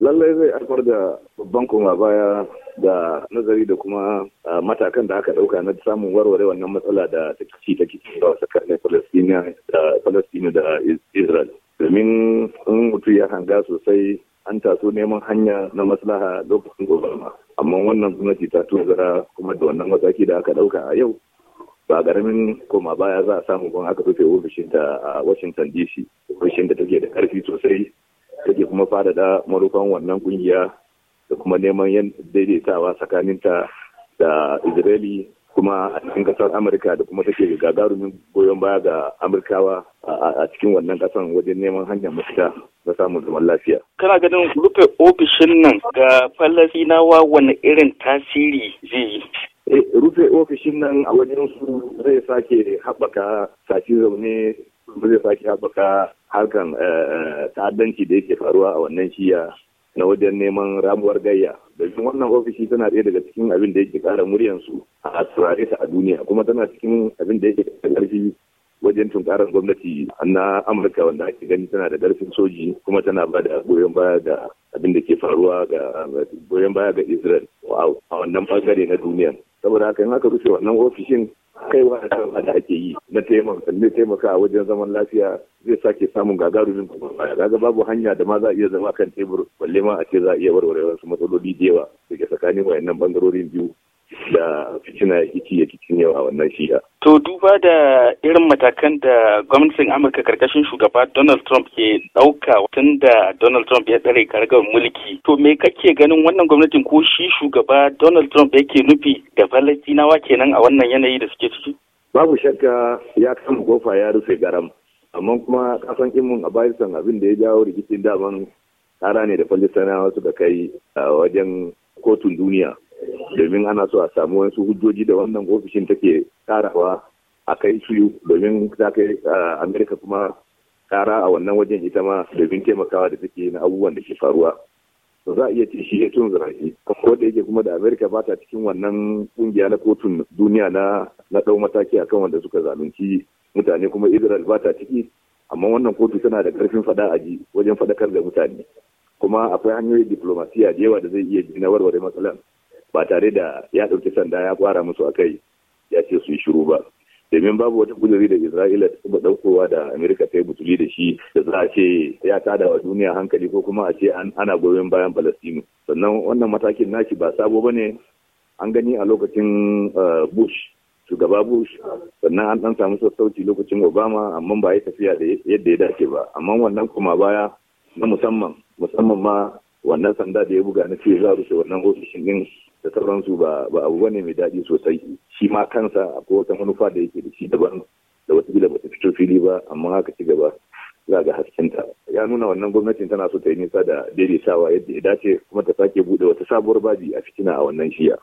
lallai zai haifar da babban koma baya da nazari da kuma matakan da aka dauka na samun warware wannan matsala da ta kici ta kici da tsakanin Falastina da Israel. Domin in mutu ya hanga sosai an taso neman hanya na maslaha lokacin Obama. Amma wannan gwamnati ta tozara kuma da wannan mataki da aka dauka a yau ba garamin koma baya za a samu ban aka rufe ofishin ta a Washington DC. Ofishin da take da karfi sosai take kuma faɗaɗa marufan wannan kungiya da kuma neman daidaitawa tsakaninta da israeli kuma a cikin kasar amurka da kuma take gagarumin goyon baya ga amurkawa a cikin wannan kasan wajen neman hanyar mafita na samun zaman lafiya. kana ganin rufe ofishin nan ga falasinawa wani irin tasiri zai yi eh, rufe ofishin nan a wajen su zai sake haɓaka sashi zaune ba zai sake haɓaka harkan eh, eh, ta'addanci da yake faruwa a wannan shiya na wajen neman ramuwar gayya domin wannan ofishi tana ɗaya daga cikin abin da yake ƙara muryansu a turare ta a duniya kuma tana cikin abin da yake ƙarfi wajen tunkarar gwamnati na amurka wanda ake gani tana da ƙarfin soji kuma tana ba da goyon baya ga abin da ke faruwa ga goyon baya ga israel a wannan bangare na duniya saboda haka in aka rufe wannan ofishin kaiwa da kan da ake yi na taimaka zai taimaka wajen zaman lafiya zai sake samun gagarumin kuma baya kaga babu hanya da ma za a iya zama kan tebur balle ma a ce za a iya warware wasu matsaloli da yawa da ke tsakanin wayannan bangarorin biyu da fitina ya kici ya kicin yawa wannan shi'a. To duba da irin matakan da gwamnatin Amurka karkashin shugaba Donald Trump ke ɗauka tun da Donald Trump ya tsare kargar mulki. To me kake ganin wannan gwamnatin ko shi shugaba Donald Trump yake nufi da Falastinawa kenan a wannan yanayi da suke ciki? Babu shakka ya kama kofa ya rufe garam. Amma kuma kasan imun a bayan abin da ya jawo rikicin daman kara ne da Falastinawa suka kai a wajen kotun duniya. domin ana so a samu wasu hujjoji da wannan ofishin take karawa a kai su domin ta kai ah, amerika kuma kara a wannan wajen ita ma domin taimakawa da take na abubuwan da ke faruwa to za a iya ce shi ya tun zarafi ko da yake kuma da amerika ba ta cikin wannan kungiya na kotun duniya na na dau mataki akan wanda suka zalunci mutane kuma israel ba ta ciki amma wannan kotu tana da karfin fada a ji wajen fadakar da mutane kuma akwai hanyoyin diplomasiya da yawa da zai iya jina warware matsalar ba tare da ya ɗauki sanda ya fara musu a kai ya ce su yi shiru ba domin babu wata kujeri da isra'ila ta taba ɗaukowa da amerika ta yi butuli da shi da za a ce ya tada wa duniya hankali ko kuma a ce ana goyon bayan palestino sannan wannan matakin nashi ba sabo ba ne an gani a lokacin eh, bush shugaba bush sannan an ɗan samu sassauci lokacin obama amma ba ya tafiya da yadda ya dace ba amma wannan kuma baya na musamman musamman ma wannan sanda da ya buga na ce za a rufe wannan ofishin din da sauransu ba ba abu bane mai daɗi sosai shi ma kansa akwai wata manufa da yake da shi daban da wata gila bata fito fili ba amma haka ci gaba za ga hasken ta ya nuna wannan gwamnatin tana so ta yi nisa da daidaitawa yadda ya dace kuma ta sake buɗe wata sabuwar baji a fitina a wannan shiya.